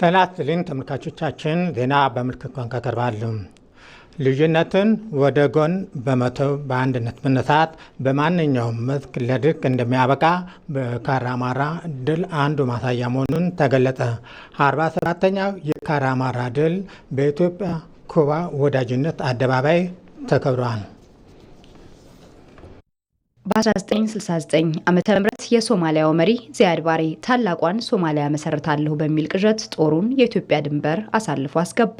ተናስልን ተመልካቾቻችን ዜና በምልክት ቋንቋ ቀርባሉ። ልዩነትን ወደ ጎን በመተው በአንድነት መነሳት በማንኛውም መስክ ለድርቅ እንደሚያበቃ በካራማራ ድል አንዱ ማሳያ መሆኑን ተገለጠ 47 47ኛው የካራማራ ድል በኢትዮጵያ ኩባ ወዳጅነት አደባባይ ተከብረዋል። በ1969 ዓ ም የሶማሊያው መሪ ዚያድ ባሬ ታላቋን ሶማሊያ መሰረታለሁ በሚል ቅዠት ጦሩን የኢትዮጵያ ድንበር አሳልፎ አስገባ።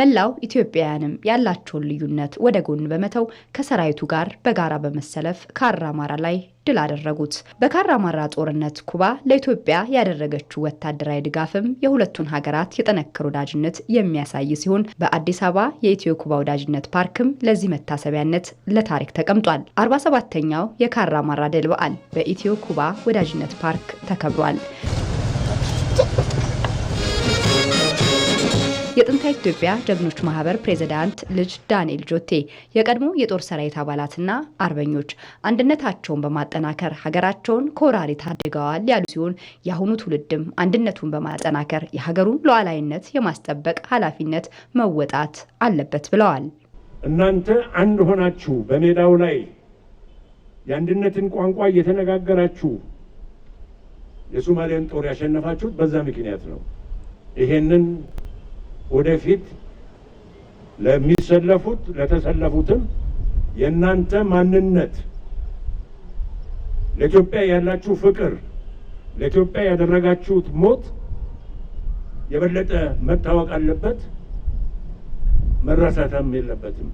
መላው ኢትዮጵያውያንም ያላቸውን ልዩነት ወደ ጎን በመተው ከሰራዊቱ ጋር በጋራ በመሰለፍ ከአራማራ ላይ ድል አደረጉት። በካራማራ ጦርነት ኩባ ለኢትዮጵያ ያደረገችው ወታደራዊ ድጋፍም የሁለቱን ሀገራት የጠነከረ ወዳጅነት የሚያሳይ ሲሆን በአዲስ አበባ የኢትዮ ኩባ ወዳጅነት ፓርክም ለዚህ መታሰቢያነት ለታሪክ ተቀምጧል። 47ተኛው የካራማራ ድል በዓል በኢትዮ ኩባ ወዳጅነት ፓርክ ተከብሯል። የጥንታ ኢትዮጵያ ጀግኖች ማህበር ፕሬዚዳንት ልጅ ዳንኤል ጆቴ የቀድሞ የጦር ሰራዊት አባላትና አርበኞች አንድነታቸውን በማጠናከር ሀገራቸውን ከወራሪ ታድገዋል ያሉ ሲሆን የአሁኑ ትውልድም አንድነቱን በማጠናከር የሀገሩን ሉዓላዊነት የማስጠበቅ ኃላፊነት መወጣት አለበት ብለዋል። እናንተ አንድ ሆናችሁ በሜዳው ላይ የአንድነትን ቋንቋ እየተነጋገራችሁ የሶማሌን ጦር ያሸነፋችሁት በዛ ምክንያት ነው። ይሄንን ወደፊት ለሚሰለፉት ለተሰለፉትም የእናንተ ማንነት ለኢትዮጵያ ያላችሁ ፍቅር ለኢትዮጵያ ያደረጋችሁት ሞት የበለጠ መታወቅ አለበት፣ መረሳትም የለበትም።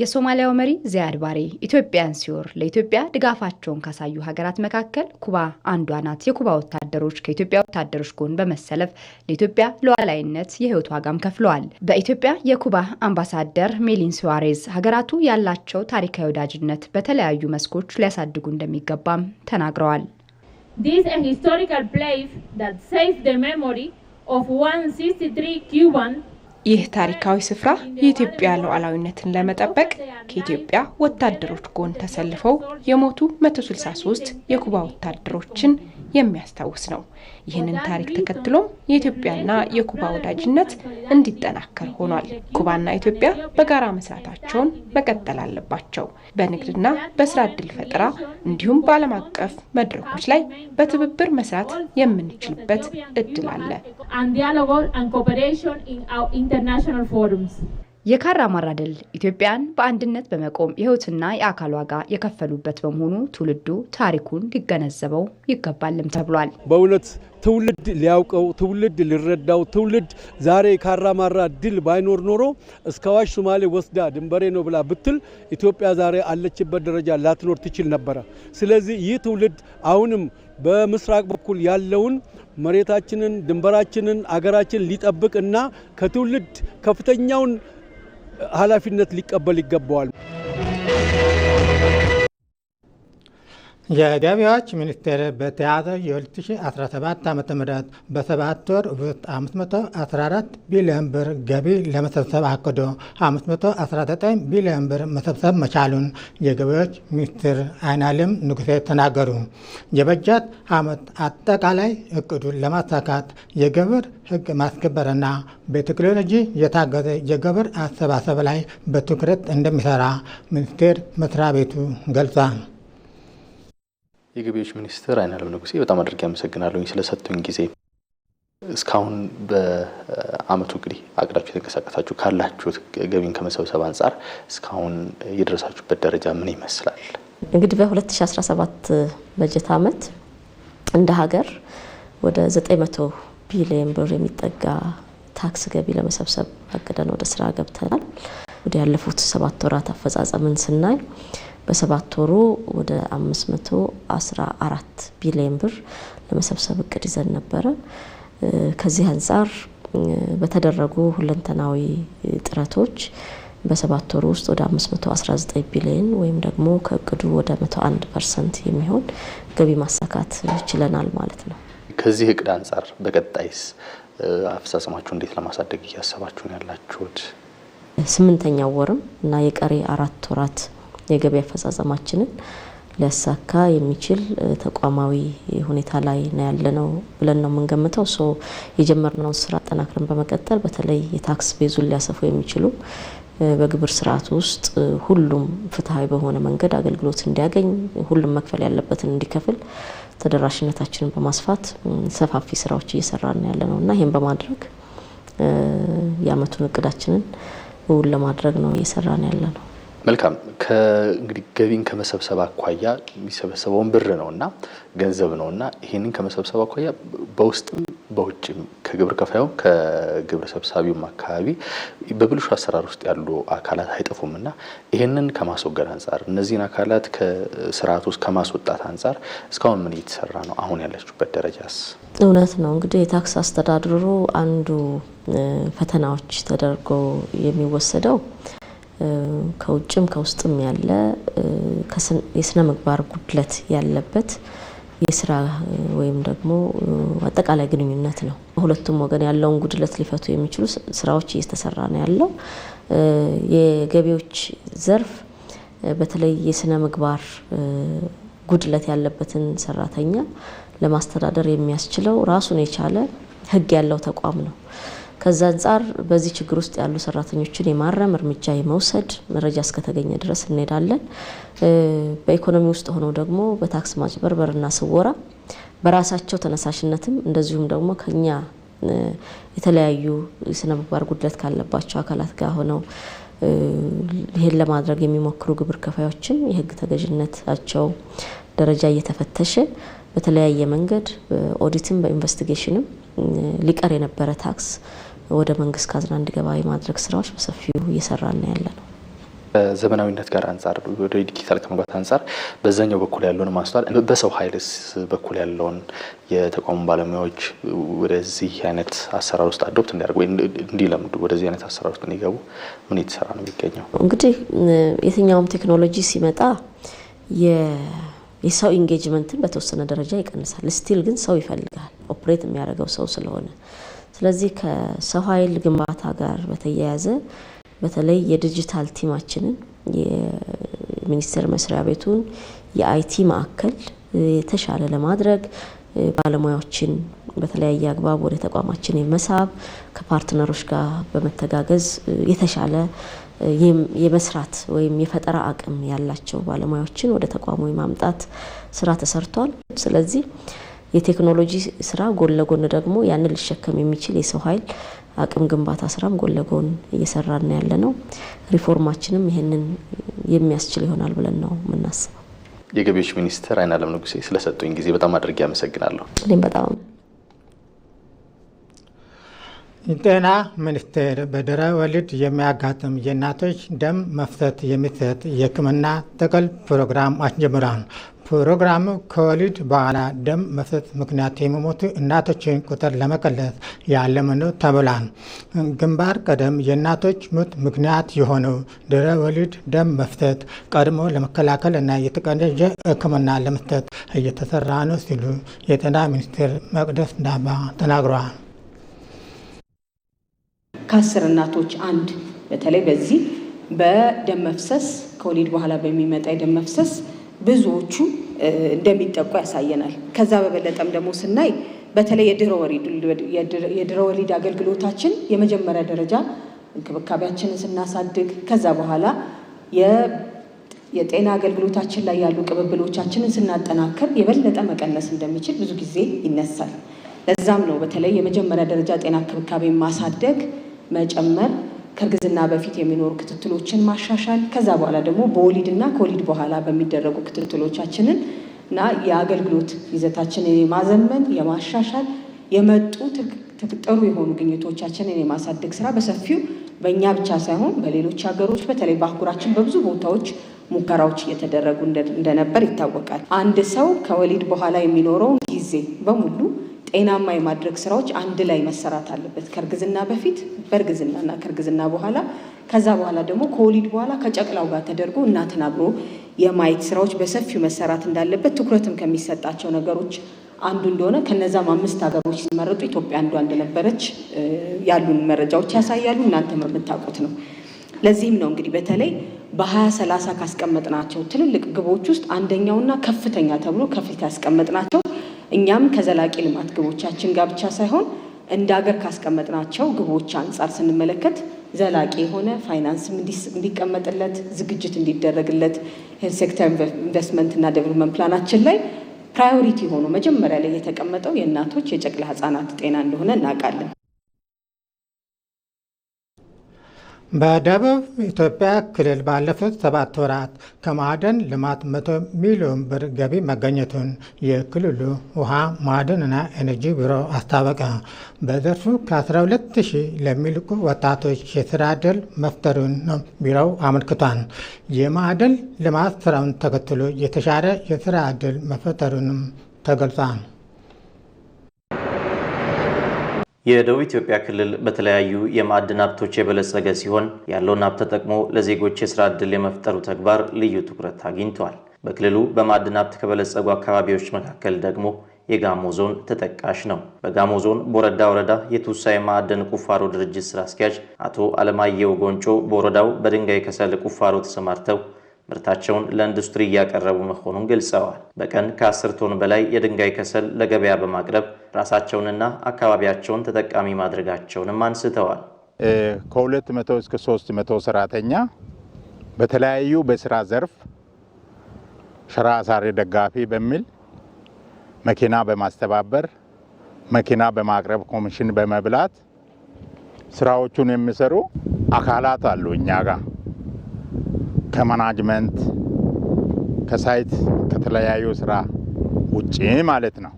የሶማሊያው መሪ ዚያድ ባሬ ኢትዮጵያን ሲወር ለኢትዮጵያ ድጋፋቸውን ካሳዩ ሀገራት መካከል ኩባ አንዷ ናት። የኩባ ወታደሮች ከኢትዮጵያ ወታደሮች ጎን በመሰለፍ ለኢትዮጵያ ሉዓላዊነት የህይወት ዋጋም ከፍለዋል። በኢትዮጵያ የኩባ አምባሳደር ሜሊን ሱዋሬዝ ሀገራቱ ያላቸው ታሪካዊ ወዳጅነት በተለያዩ መስኮች ሊያሳድጉ እንደሚገባም ተናግረዋል። ሂስቶሪካል ፕሌስ ሴቭ ሜሞሪ ኦፍ 163 ኩባን ይህ ታሪካዊ ስፍራ የኢትዮጵያ ሉዓላዊነትን ለመጠበቅ ከኢትዮጵያ ወታደሮች ጎን ተሰልፈው የሞቱ 163 የኩባ ወታደሮችን የሚያስታውስ ነው። ይህንን ታሪክ ተከትሎም የኢትዮጵያና የኩባ ወዳጅነት እንዲጠናከር ሆኗል። ኩባና ኢትዮጵያ በጋራ መስራታቸውን መቀጠል አለባቸው። በንግድና በስራ እድል ፈጠራ እንዲሁም በዓለም አቀፍ መድረኮች ላይ በትብብር መስራት የምንችልበት እድል አለ። የካራ ማራደል ኢትዮጵያን በአንድነት በመቆም የሕይወትና የአካል ዋጋ የከፈሉበት በመሆኑ ትውልዱ ታሪኩን ሊገነዘበው ይገባልም ተብሏል። በእውነት ትውልድ ሊያውቀው፣ ትውልድ ሊረዳው፣ ትውልድ ዛሬ የካራ ማራ ድል ባይኖር ኖሮ እስከ አዋሽ ሶማሌ ወስዳ ድንበሬ ነው ብላ ብትል ኢትዮጵያ ዛሬ አለችበት ደረጃ ላትኖር ትችል ነበረ። ስለዚህ ይህ ትውልድ አሁንም በምስራቅ በኩል ያለውን መሬታችንን፣ ድንበራችንን፣ አገራችን ሊጠብቅ እና ከትውልድ ከፍተኛውን ኃላፊነት ሊቀበል ይገባዋል። የገቢዎች ሚኒስቴር በተያዘው የ2017 ዓ ም በሰባት ወር ውስጥ 514 ቢሊዮን ብር ገቢ ለመሰብሰብ አቅዶ 519 ቢሊዮን ብር መሰብሰብ መቻሉን የገቢዎች ሚኒስትር አይናለም ንጉሴ ተናገሩ። የበጀት ዓመት አጠቃላይ እቅዱን ለማሳካት የግብር ሕግ ማስከበርና በቴክኖሎጂ የታገዘ የግብር አሰባሰብ ላይ በትኩረት እንደሚሰራ ሚኒስቴር መስሪያ ቤቱ ገልጿል። የገቢዎች ሚኒስትር አይናለም ንጉሴ በጣም አድርጌ አመሰግናለሁ ስለሰጡኝ ጊዜ። እስካሁን በአመቱ እንግዲህ አቅዳችሁ የተንቀሳቀሳችሁ ካላችሁት ገቢን ከመሰብሰብ አንጻር እስካሁን የደረሳችሁበት ደረጃ ምን ይመስላል? እንግዲህ በ2017 በጀት አመት እንደ ሀገር ወደ 900 ቢሊዮን ብር የሚጠጋ ታክስ ገቢ ለመሰብሰብ አቅደን ወደ ስራ ገብተናል። ወደ ያለፉት ሰባት ወራት አፈጻጸምን ስናይ በሰባት ወሩ ወደ አራት ቢሊዮን ብር ለመሰብሰብ እቅድ ይዘን ነበረ። ከዚህ አንጻር በተደረጉ ሁለንተናዊ ጥረቶች በሰባት ወሩ ውስጥ ወደ 519 ቢሊዮን ወይም ደግሞ ከእቅዱ ወደ 101 ፐርሰንት የሚሆን ገቢ ማሳካት ችለናል ማለት ነው። ከዚህ እቅድ አንጻር በቀጣይስ አፈጻጸማችሁ እንዴት ለማሳደግ እያሰባችሁ ነው ያላችሁት? ስምንተኛው ወርም እና የቀሪ አራት ወራት የገቢ አፈጻጸማችንን ሊያሳካ የሚችል ተቋማዊ ሁኔታ ላይ ነው ያለነው ብለን ነው የምንገምተው። ሶ የጀመርነውን ስራ አጠናክረን በመቀጠል በተለይ የታክስ ቤዙን ሊያሰፉ የሚችሉ በግብር ስርዓት ውስጥ ሁሉም ፍትሐዊ በሆነ መንገድ አገልግሎት እንዲያገኝ ሁሉም መክፈል ያለበትን እንዲከፍል ተደራሽነታችንን በማስፋት ሰፋፊ ስራዎች እየሰራን ያለ ነው እና ይህም በማድረግ የአመቱን እቅዳችንን እውን ለማድረግ ነው እየሰራን ያለ ነው። መልካም እንግዲህ ገቢን ከመሰብሰብ አኳያ የሚሰበሰበውን ብር ነው እና ገንዘብ ነው እና ይህንን ከመሰብሰብ አኳያ በውስጥም በውጭም ከግብር ከፋዩም ከግብር ሰብሳቢውም አካባቢ በብልሹ አሰራር ውስጥ ያሉ አካላት አይጠፉም እና ይህንን ከማስወገድ አንጻር እነዚህን አካላት ከስርዓት ውስጥ ከማስወጣት አንጻር እስካሁን ምን እየተሰራ ነው? አሁን ያለችበት ደረጃስ? እውነት ነው እንግዲህ የታክስ አስተዳድሩ አንዱ ፈተናዎች ተደርጎ የሚወሰደው ከውጭም ከውስጥም ያለ የስነ ምግባር ጉድለት ያለበት የስራ ወይም ደግሞ አጠቃላይ ግንኙነት ነው። በሁለቱም ወገን ያለውን ጉድለት ሊፈቱ የሚችሉ ስራዎች እየተሰራ ነው ያለው። የገቢዎች ዘርፍ በተለይ የስነ ምግባር ጉድለት ያለበትን ሰራተኛ ለማስተዳደር የሚያስችለው ራሱን የቻለ ሕግ ያለው ተቋም ነው። ከዛ አንጻር በዚህ ችግር ውስጥ ያሉ ሰራተኞችን የማረም እርምጃ የመውሰድ መረጃ እስከተገኘ ድረስ እንሄዳለን። በኢኮኖሚ ውስጥ ሆነው ደግሞ በታክስ ማጭበርበርና ስወራ በራሳቸው ተነሳሽነትም እንደዚሁም ደግሞ ከኛ የተለያዩ የስነ ምግባር ጉድለት ካለባቸው አካላት ጋር ሆነው ይህን ለማድረግ የሚሞክሩ ግብር ከፋዮችን የህግ ተገዥነታቸው ደረጃ እየተፈተሸ በተለያየ መንገድ በኦዲትም በኢንቨስቲጌሽንም ሊቀር የነበረ ታክስ ወደ መንግስት ካዝና እንዲገባ የማድረግ ስራዎች በሰፊው እየሰራና ያለ ነው። ዘመናዊነት ጋር አንጻር ወደ ዲጂታል ከመግባት አንጻር በዛኛው በኩል ያለውን ማስተዋል በሰው ኃይልስ በኩል ያለውን የተቋሙ ባለሙያዎች ወደዚህ አይነት አሰራር ውስጥ አዶፕት እንዲያደርጉ ወይ እንዲለምዱ ወደዚህ አይነት አሰራር ውስጥ እንዲገቡ ምን የተሰራ ነው የሚገኘው? እንግዲህ የትኛውም ቴክኖሎጂ ሲመጣ የሰው ኢንጌጅመንትን በተወሰነ ደረጃ ይቀንሳል። ስቲል ግን ሰው ይፈልጋል ኦፕሬት የሚያደርገው ሰው ስለሆነ ስለዚህ ከሰው ኃይል ግንባታ ጋር በተያያዘ በተለይ የዲጂታል ቲማችንን የሚኒስቴር መስሪያ ቤቱን የአይቲ ማዕከል የተሻለ ለማድረግ ባለሙያዎችን በተለያየ አግባብ ወደ ተቋማችን የመሳብ ከፓርትነሮች ጋር በመተጋገዝ የተሻለ የመስራት ወይም የፈጠራ አቅም ያላቸው ባለሙያዎችን ወደ ተቋሙ የማምጣት ስራ ተሰርቷል። ስለዚህ የቴክኖሎጂ ስራ ጎን ለጎን ደግሞ ያንን ሊሸከም የሚችል የሰው ኃይል አቅም ግንባታ ስራም ጎን ለጎን እየሰራን ያለ ነው። ሪፎርማችንም ይህንን የሚያስችል ይሆናል ብለን ነው የምናስበው። የገቢዎች ሚኒስትር አይናለም ንጉሴ ስለሰጡኝ ጊዜ በጣም አድርጌ አመሰግናለሁ። እኔም በጣም የጤና ሚኒስቴር በድህረ ወሊድ የሚያጋጥም የእናቶች ደም መፍሰት የሚሰጥ የሕክምና ጥቅል ፕሮግራም አስጀምሯል። ፕሮግራሙ ከወሊድ በኋላ ደም መፍሰስ ምክንያት የሚሞቱ እናቶችን ቁጥር ለመቀለስ ያለመ ነው ተብሏል። ግንባር ቀደም የእናቶች ሞት ምክንያት የሆነው ድህረ ወሊድ ደም መፍሰስ ቀድሞ ለመከላከል እና የተቀደጀ ሕክምና ለመስጠት እየተሰራ ነው ሲሉ የጤና ሚኒስትር መቅደስ ዳባ ተናግረዋል። ከአስር እናቶች አንድ በተለይ በዚህ በደም መፍሰስ ከወሊድ በኋላ በሚመጣ የደም መፍሰስ ብዙዎቹ እንደሚጠቁ ያሳየናል። ከዛ በበለጠም ደግሞ ስናይ በተለይ የድህረ ወሊድ ወሊድ አገልግሎታችን የመጀመሪያ ደረጃ እንክብካቤያችንን ስናሳድግ ከዛ በኋላ የጤና አገልግሎታችን ላይ ያሉ ቅብብሎቻችንን ስናጠናክር የበለጠ መቀነስ እንደሚችል ብዙ ጊዜ ይነሳል። ለዛም ነው በተለይ የመጀመሪያ ደረጃ ጤና እንክብካቤ ማሳደግ መጨመር ከእርግዝና በፊት የሚኖሩ ክትትሎችን ማሻሻል ከዛ በኋላ ደግሞ በወሊድና ከወሊድ በኋላ በሚደረጉ ክትትሎቻችንን እና የአገልግሎት ይዘታችንን የማዘመን የማሻሻል የመጡ ጥሩ የሆኑ ግኝቶቻችንን የማሳደግ ስራ በሰፊው በእኛ ብቻ ሳይሆን በሌሎች ሀገሮች በተለይ በአህጉራችን በብዙ ቦታዎች ሙከራዎች እየተደረጉ እንደነበር ይታወቃል። አንድ ሰው ከወሊድ በኋላ የሚኖረውን ጊዜ በሙሉ ጤናማ የማድረግ ስራዎች አንድ ላይ መሰራት አለበት። ከእርግዝና በፊት በእርግዝናና ከእርግዝና በኋላ ከዛ በኋላ ደግሞ ከወሊድ በኋላ ከጨቅላው ጋር ተደርጎ እናትን አብሮ የማየት ስራዎች በሰፊው መሰራት እንዳለበት ትኩረትም ከሚሰጣቸው ነገሮች አንዱ እንደሆነ ከነዛም አምስት ሀገሮች ሲመረጡ ኢትዮጵያ አንዷ እንደነበረች ያሉን መረጃዎች ያሳያሉ። እናንተም የምታውቁት ነው። ለዚህም ነው እንግዲህ በተለይ በ2030 ካስቀመጥናቸው ትልልቅ ግቦች ውስጥ አንደኛውና ከፍተኛ ተብሎ ከፊት ያስቀመጥናቸው እኛም ከዘላቂ ልማት ግቦቻችን ጋር ብቻ ሳይሆን እንደ ሀገር ካስቀመጥናቸው ግቦች አንጻር ስንመለከት ዘላቂ የሆነ ፋይናንስም እንዲቀመጥለት ዝግጅት እንዲደረግለት ሴክተር ኢንቨስትመንትና ዴቨሎፕመንት ፕላናችን ላይ ፕራዮሪቲ ሆኖ መጀመሪያ ላይ የተቀመጠው የእናቶች የጨቅላ ህጻናት ጤና እንደሆነ እናውቃለን። በደቡብ ኢትዮጵያ ክልል ባለፉት ሰባት ወራት ከማዕድን ልማት መቶ ሚሊዮን ብር ገቢ መገኘቱን የክልሉ ውሃ ማዕድንና ኤነርጂ ቢሮ አስታወቀ። በዘርፉ ከ12 ሺህ ለሚልቁ ወጣቶች የስራ ዕድል መፍጠሩን ነው ቢሮው አመልክቷል። የማዕድን ልማት ስራውን ተከትሎ የተሻለ የስራ ዕድል መፈጠሩንም ተገልጿል። የደቡብ ኢትዮጵያ ክልል በተለያዩ የማዕድን ሀብቶች የበለጸገ ሲሆን ያለውን ሀብት ተጠቅሞ ለዜጎች የስራ ዕድል የመፍጠሩ ተግባር ልዩ ትኩረት አግኝቷል። በክልሉ በማዕድን ሀብት ከበለጸጉ አካባቢዎች መካከል ደግሞ የጋሞ ዞን ተጠቃሽ ነው። በጋሞ ዞን ቦረዳ ወረዳ የቱሳ የማዕድን ቁፋሮ ድርጅት ስራ አስኪያጅ አቶ አለማየሁ ጎንጮ በወረዳው በድንጋይ ከሰል ቁፋሮ ተሰማርተው ምርታቸውን ለኢንዱስትሪ እያቀረቡ መሆኑን ገልጸዋል። በቀን ከ10 ቶን በላይ የድንጋይ ከሰል ለገበያ በማቅረብ ራሳቸውንና አካባቢያቸውን ተጠቃሚ ማድረጋቸውንም አንስተዋል። ከ200 እስከ 300 ሰራተኛ በተለያዩ በስራ ዘርፍ ሸራ አሳሪ ደጋፊ በሚል መኪና በማስተባበር መኪና በማቅረብ ኮሚሽን በመብላት ስራዎቹን የሚሰሩ አካላት አሉ እኛ ጋር ከማናጅመንት ከሳይት ከተለያዩ ስራ ውጪ ማለት ነው።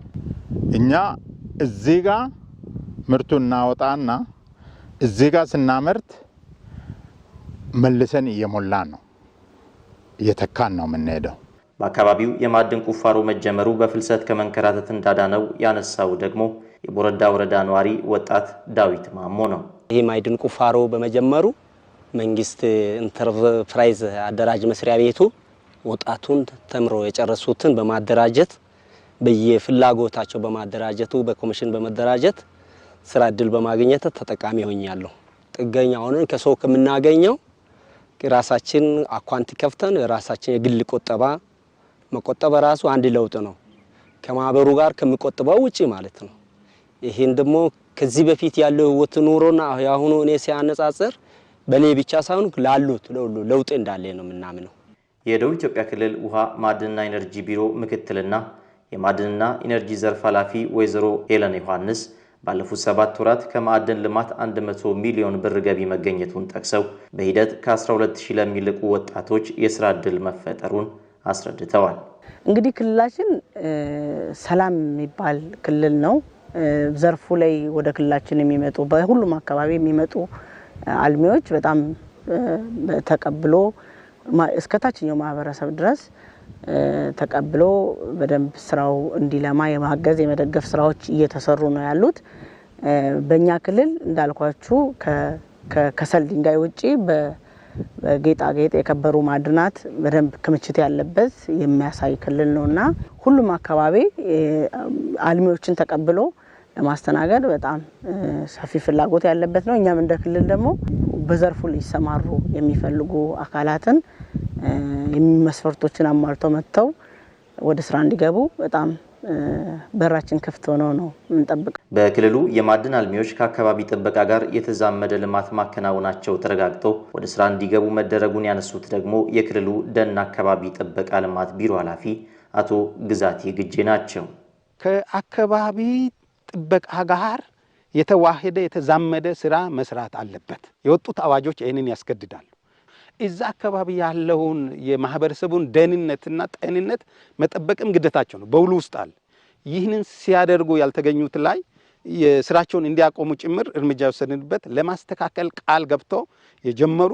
እኛ እዚህ ጋ ምርቱ እናወጣና እዚህ ጋ ስናመርት መልሰን እየሞላን ነው እየተካን ነው የምንሄደው። በአካባቢው የማዕድን ቁፋሮ መጀመሩ በፍልሰት ከመንከራተት እንዳዳነው ያነሳው ደግሞ የቦረዳ ወረዳ ነዋሪ ወጣት ዳዊት ማሞ ነው። ይሄ ማዕድን ቁፋሮ በመጀመሩ መንግስት ኢንተርፕራይዝ አደራጅ መስሪያ ቤቱ ወጣቱን ተምሮ የጨረሱትን በማደራጀት በየፍላጎታቸው በማደራጀቱ በኮሚሽን በመደራጀት ስራ እድል በማግኘት ተጠቃሚ ሆኛለሁ። ጥገኛ ሆነን ከሰው ከምናገኘው ራሳችን አኳንት ከፍተን ራሳችን የግል ቆጠባ መቆጠብ ራሱ አንድ ለውጥ ነው፣ ከማህበሩ ጋር ከሚቆጥበው ውጪ ማለት ነው። ይህን ደግሞ ከዚህ በፊት ያለው ህይወት ኑሮና የአሁኑ እኔ ሲያነጻጽር በእኔ ብቻ ሳይሆን ላሉት ለሁሉ ለውጥ እንዳለ ነው የምናምነው። የደቡብ ኢትዮጵያ ክልል ውሃ ማዕድንና ኢነርጂ ቢሮ ምክትልና የማዕድንና ኢነርጂ ዘርፍ ኃላፊ ወይዘሮ ኤለን ዮሐንስ ባለፉት ሰባት ወራት ከማዕድን ልማት 100 ሚሊዮን ብር ገቢ መገኘቱን ጠቅሰው በሂደት ከ12000 ለሚልቁ ወጣቶች የስራ ዕድል መፈጠሩን አስረድተዋል። እንግዲህ ክልላችን ሰላም የሚባል ክልል ነው። ዘርፉ ላይ ወደ ክልላችን የሚመጡ በሁሉም አካባቢ የሚመጡ አልሚዎች በጣም ተቀብሎ እስከ ታችኛው ማህበረሰብ ድረስ ተቀብሎ በደንብ ስራው እንዲለማ የማገዝ የመደገፍ ስራዎች እየተሰሩ ነው ያሉት። በእኛ ክልል እንዳልኳችሁ ከሰል ድንጋይ ውጪ በጌጣጌጥ የከበሩ ማዕድናት በደንብ ክምችት ያለበት የሚያሳይ ክልል ነው እና ሁሉም አካባቢ አልሚዎችን ተቀብሎ ለማስተናገድ በጣም ሰፊ ፍላጎት ያለበት ነው። እኛም እንደ ክልል ደግሞ በዘርፉ ሊሰማሩ የሚፈልጉ አካላትን መስፈርቶችን አሟልተው መጥተው ወደ ስራ እንዲገቡ በጣም በራችን ክፍት ሆነው ነው የምንጠብቀው። በክልሉ የማዕድን አልሚዎች ከአካባቢ ጥበቃ ጋር የተዛመደ ልማት ማከናወናቸው ተረጋግጠው ወደ ስራ እንዲገቡ መደረጉን ያነሱት ደግሞ የክልሉ ደን አካባቢ ጥበቃ ልማት ቢሮ ኃላፊ አቶ ግዛቴ ግጄ ናቸው። ከአካባቢ ጥበቃ ጋር የተዋሄደ የተዛመደ ስራ መስራት አለበት። የወጡት አዋጆች ይህንን ያስገድዳሉ። እዛ አካባቢ ያለውን የማህበረሰቡን ደህንነትና ጤንነት መጠበቅም ግዴታቸው ነው፣ በውሉ ውስጥ አለ። ይህንን ሲያደርጉ ያልተገኙት ላይ ስራቸውን እንዲያቆሙ ጭምር እርምጃ የወሰድንበት ለማስተካከል ቃል ገብቶ የጀመሩ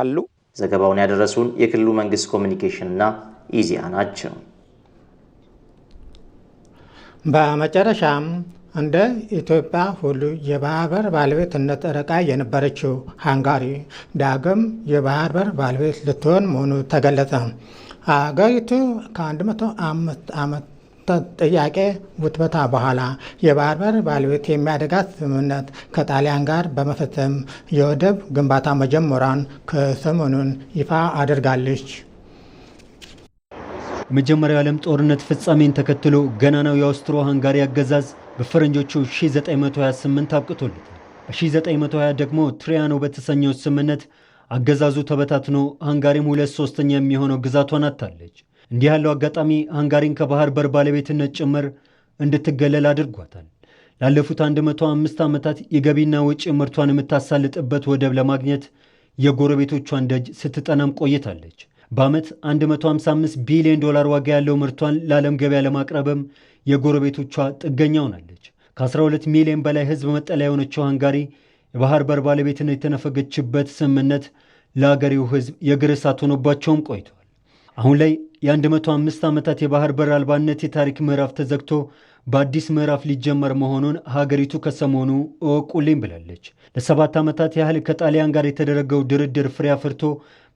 አሉ። ዘገባውን ያደረሱን የክልሉ መንግስት ኮሚኒኬሽንና ኢዜአ ናቸው። በመጨረሻም እንደ ኢትዮጵያ ሁሉ የባህር በር ባለቤትነት ረቃ የነበረችው ሃንጋሪ ዳግም የባህር በር ባለቤት ልትሆን መሆኑ ተገለጸ። አገሪቱ ከ100 ዓመት ጥያቄ ውትበታ በኋላ የባህር በር ባለቤት የሚያደጋት ስምምነት ከጣሊያን ጋር በመፈተም የወደብ ግንባታ መጀመሯን ከሰሞኑን ይፋ አድርጋለች። የመጀመሪያው ዓለም ጦርነት ፍጻሜን ተከትሎ ገናናው የአውስትሮ ሃንጋሪ አገዛዝ በፈረንጆቹ 1928 አብቅቶለታል። በ1920 ደግሞ ትሪያኖ በተሰኘው ስምምነት አገዛዙ ተበታትኖ ሃንጋሪም ሁለት ሶስተኛ የሚሆነው ግዛቷን አጥታለች። እንዲህ ያለው አጋጣሚ ሃንጋሪን ከባህር በር ባለቤትነት ጭምር እንድትገለል አድርጓታል። ላለፉት 105 ዓመታት የገቢና ውጪ ምርቷን የምታሳልጥበት ወደብ ለማግኘት የጎረቤቶቿን ደጅ ስትጠናም ቆይታለች። በዓመት 155 ቢሊዮን ዶላር ዋጋ ያለው ምርቷን ለዓለም ገበያ ለማቅረብም የጎረቤቶቿ ጥገኛ ሆናለች። ከ12 ሚሊዮን በላይ ሕዝብ መጠለያ የሆነችው ሃንጋሪ የባህር በር ባለቤትነት የተነፈገችበት ስምምነት ለአገሬው ሕዝብ የእግር እሳት ሆኖባቸውም ቆይተዋል። አሁን ላይ የ105 ዓመታት የባህር በር አልባነት የታሪክ ምዕራፍ ተዘግቶ በአዲስ ምዕራፍ ሊጀመር መሆኑን ሀገሪቱ ከሰሞኑ እወቁልኝ ብላለች። ለሰባት ዓመታት ያህል ከጣሊያን ጋር የተደረገው ድርድር ፍሬ አፍርቶ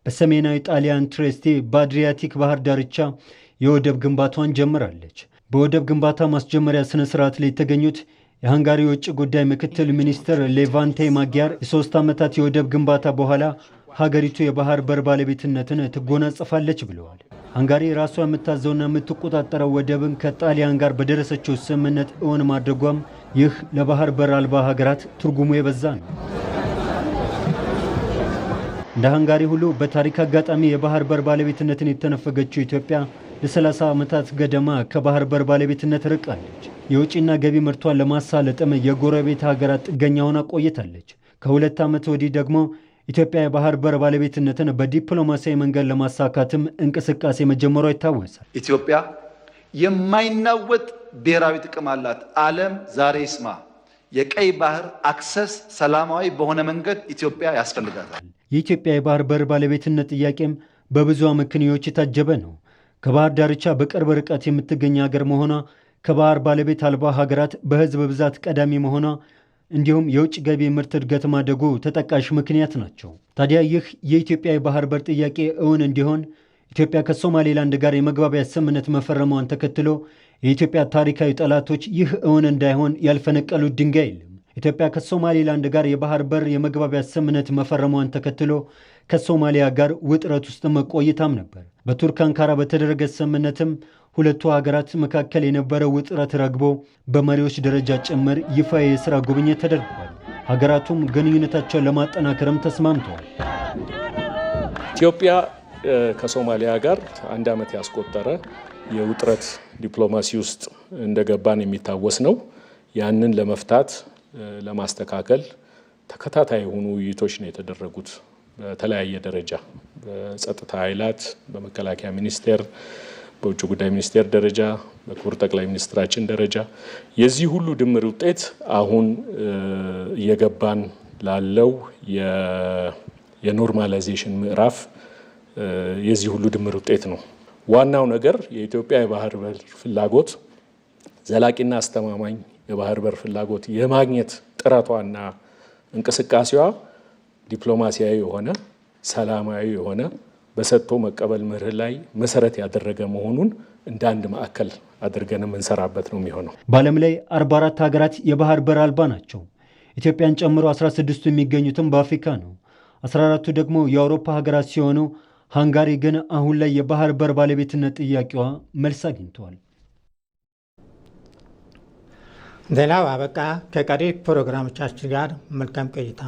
በሰሜናዊ ጣሊያን ትሬስቴ በአድሪያቲክ ባህር ዳርቻ የወደብ ግንባታዋን ጀምራለች። በወደብ ግንባታ ማስጀመሪያ ስነ ስርዓት ላይ የተገኙት የሃንጋሪ የውጭ ጉዳይ ምክትል ሚኒስትር ሌቫንቴ ማጊያር የሶስት ዓመታት የወደብ ግንባታ በኋላ ሀገሪቱ የባህር በር ባለቤትነትን ትጎናጸፋለች ብለዋል። ሃንጋሪ ራሷ የምታዘውና የምትቆጣጠረው ወደብን ከጣሊያን ጋር በደረሰችው ስምምነት እውን ማድረጓም ይህ ለባህር በር አልባ ሀገራት ትርጉሙ የበዛ ነው። እንደ ሃንጋሪ ሁሉ በታሪክ አጋጣሚ የባህር በር ባለቤትነትን የተነፈገችው ኢትዮጵያ ለ30 ዓመታት ገደማ ከባህር በር ባለቤትነት ርቃለች። የውጭና ገቢ ምርቷን ለማሳለጥም የጎረቤት ሀገራት ጥገኛ ሆና ቆይታለች። ከሁለት ዓመት ወዲህ ደግሞ ኢትዮጵያ የባህር በር ባለቤትነትን በዲፕሎማሲያዊ መንገድ ለማሳካትም እንቅስቃሴ መጀመሯ ይታወሳል። ኢትዮጵያ የማይናወጥ ብሔራዊ ጥቅም አላት። ዓለም ዛሬ ይስማ። የቀይ ባህር አክሰስ ሰላማዊ በሆነ መንገድ ኢትዮጵያ ያስፈልጋታል። የኢትዮጵያ የባህር በር ባለቤትነት ጥያቄም በብዙ አመክንዮዎች የታጀበ ነው። ከባህር ዳርቻ በቅርብ ርቀት የምትገኝ ሀገር መሆኗ፣ ከባህር ባለቤት አልባ ሀገራት በህዝብ ብዛት ቀዳሚ መሆኗ እንዲሁም የውጭ ገቢ ምርት እድገት ማደጉ ተጠቃሽ ምክንያት ናቸው። ታዲያ ይህ የኢትዮጵያ የባህር በር ጥያቄ እውን እንዲሆን ኢትዮጵያ ከሶማሌላንድ ጋር የመግባቢያ ስምምነት መፈረሟን ተከትሎ የኢትዮጵያ ታሪካዊ ጠላቶች ይህ እውን እንዳይሆን ያልፈነቀሉት ድንጋይ የለም። ኢትዮጵያ ከሶማሌላንድ ጋር የባህር በር የመግባቢያ ስምምነት መፈረሟን ተከትሎ ከሶማሊያ ጋር ውጥረት ውስጥ መቆይታም ነበር። በቱርክ አንካራ በተደረገ ስምምነትም ሁለቱ ሀገራት መካከል የነበረው ውጥረት ረግቦ በመሪዎች ደረጃ ጭምር ይፋ የሥራ ጉብኝት ተደርጓል። ሀገራቱም ግንኙነታቸውን ለማጠናከርም ተስማምተዋል። ኢትዮጵያ ከሶማሊያ ጋር አንድ ዓመት ያስቆጠረ የውጥረት ዲፕሎማሲ ውስጥ እንደገባን የሚታወስ ነው። ያንን ለመፍታት ለማስተካከል ተከታታይ የሆኑ ውይይቶች ነው የተደረጉት በተለያየ ደረጃ በጸጥታ ኃይላት፣ በመከላከያ ሚኒስቴር፣ በውጭ ጉዳይ ሚኒስቴር ደረጃ፣ በክቡር ጠቅላይ ሚኒስትራችን ደረጃ የዚህ ሁሉ ድምር ውጤት አሁን እየገባን ላለው የኖርማላይዜሽን ምዕራፍ የዚህ ሁሉ ድምር ውጤት ነው። ዋናው ነገር የኢትዮጵያ የባህር በር ፍላጎት ዘላቂና አስተማማኝ የባህር በር ፍላጎት የማግኘት ጥረቷና እንቅስቃሴዋ ዲፕሎማሲያዊ የሆነ ሰላማዊ የሆነ በሰጥቶ መቀበል መርህ ላይ መሰረት ያደረገ መሆኑን እንደ አንድ ማዕከል አድርገን የምንሰራበት ነው የሚሆነው። በዓለም ላይ 44 ሀገራት የባህር በር አልባ ናቸው። ኢትዮጵያን ጨምሮ 16ቱ የሚገኙትም በአፍሪካ ነው። 14ቱ ደግሞ የአውሮፓ ሀገራት ሲሆኑ ሃንጋሪ ግን አሁን ላይ የባህር በር ባለቤትነት ጥያቄዋ መልስ አግኝተዋል። ዜናው አበቃ። ከቀሪ ፕሮግራሞቻችን ጋር መልካም ቆይታ